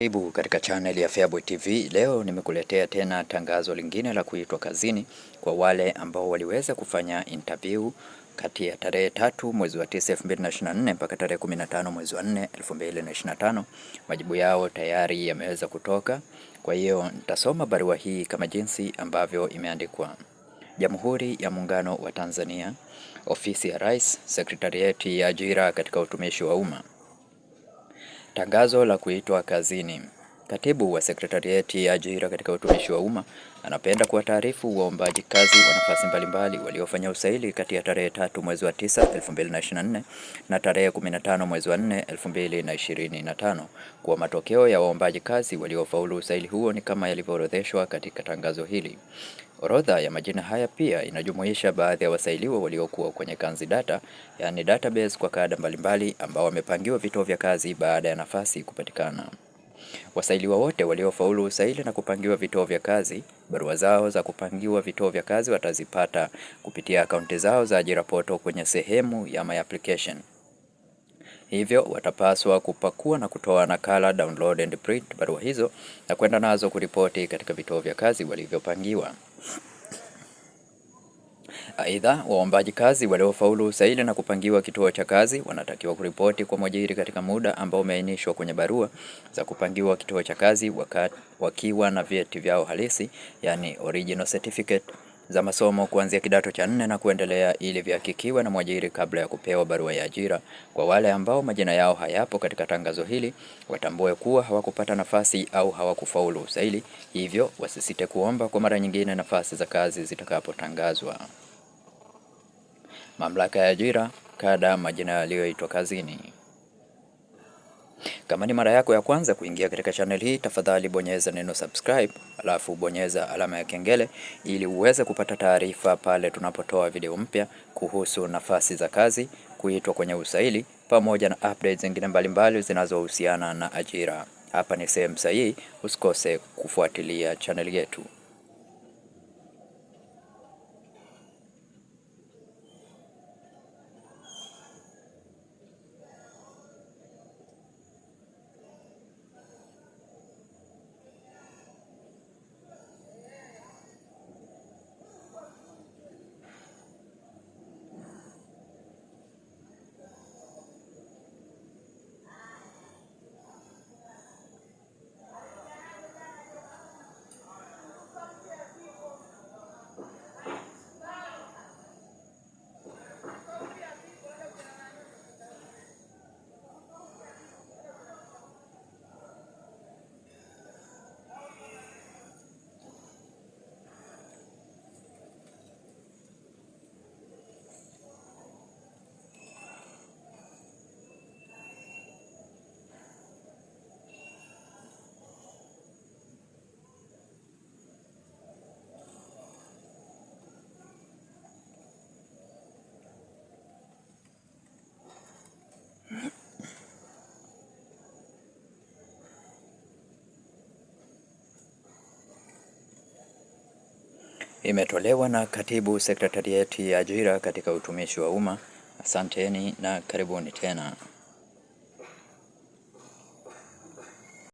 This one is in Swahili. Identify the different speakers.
Speaker 1: Karibu katika channel ya Feaboy TV. Leo nimekuletea tena tangazo lingine la kuitwa kazini kwa wale ambao waliweza kufanya interview kati ya tarehe tatu mwezi wa tisa 2024 mpaka tarehe 15 mwezi wa 4 2025. Majibu yao tayari yameweza kutoka, kwa hiyo nitasoma barua hii kama jinsi ambavyo imeandikwa. Jamhuri ya Muungano wa Tanzania, Ofisi ya Rais, Sekretarieti ya Ajira katika Utumishi wa Umma. Tangazo la kuitwa kazini. Katibu wa Sekretarieti ya Ajira katika Utumishi wa Umma anapenda kuwataarifu waombaji kazi wa nafasi mbalimbali waliofanya usaili kati ya tarehe tatu mwezi wa 9 2024 na tarehe 15 mwezi wa 4 2025 kuwa matokeo ya waombaji kazi waliofaulu usaili huo ni kama yalivyoorodheshwa katika tangazo hili. Orodha ya majina haya pia inajumuisha baadhi ya wasailiwa waliokuwa kwenye kanzi data, yani database kwa kada mbalimbali ambao wamepangiwa vituo vya kazi baada ya nafasi kupatikana. Wasailiwa wote waliofaulu usaili na kupangiwa vituo vya kazi, barua zao za kupangiwa vituo vya kazi watazipata kupitia akaunti zao za ajira poto kwenye sehemu ya My Application. Hivyo watapaswa kupakua na kutoa nakala, download and print barua hizo na kwenda nazo kuripoti katika vituo vya kazi walivyopangiwa. Aidha, waombaji kazi waliofaulu usaili na kupangiwa kituo cha kazi wanatakiwa kuripoti kwa mwajiri katika muda ambao umeainishwa kwenye barua za kupangiwa kituo cha kazi wakati wakiwa na vyeti vyao halisi, yani original certificate za masomo kuanzia kidato cha nne na kuendelea ili vihakikiwe na mwajiri kabla ya kupewa barua ya ajira. Kwa wale ambao majina yao hayapo katika tangazo hili, watambue kuwa hawakupata nafasi au hawakufaulu usaili, hivyo wasisite kuomba kwa mara nyingine nafasi za kazi zitakapotangazwa. Mamlaka ya Ajira, kada, majina yaliyoitwa kazini. Kama ni mara yako ya kwanza kuingia katika channel hii, tafadhali bonyeza neno subscribe, alafu bonyeza alama ya kengele ili uweze kupata taarifa pale tunapotoa video mpya kuhusu nafasi za kazi, kuitwa kwenye usaili pamoja na updates zingine mbalimbali zinazohusiana na ajira. Hapa ni sehemu sahihi, usikose kufuatilia channel yetu. imetolewa na katibu sekretarieti ya ajira katika utumishi wa umma. Asanteni na karibuni tena.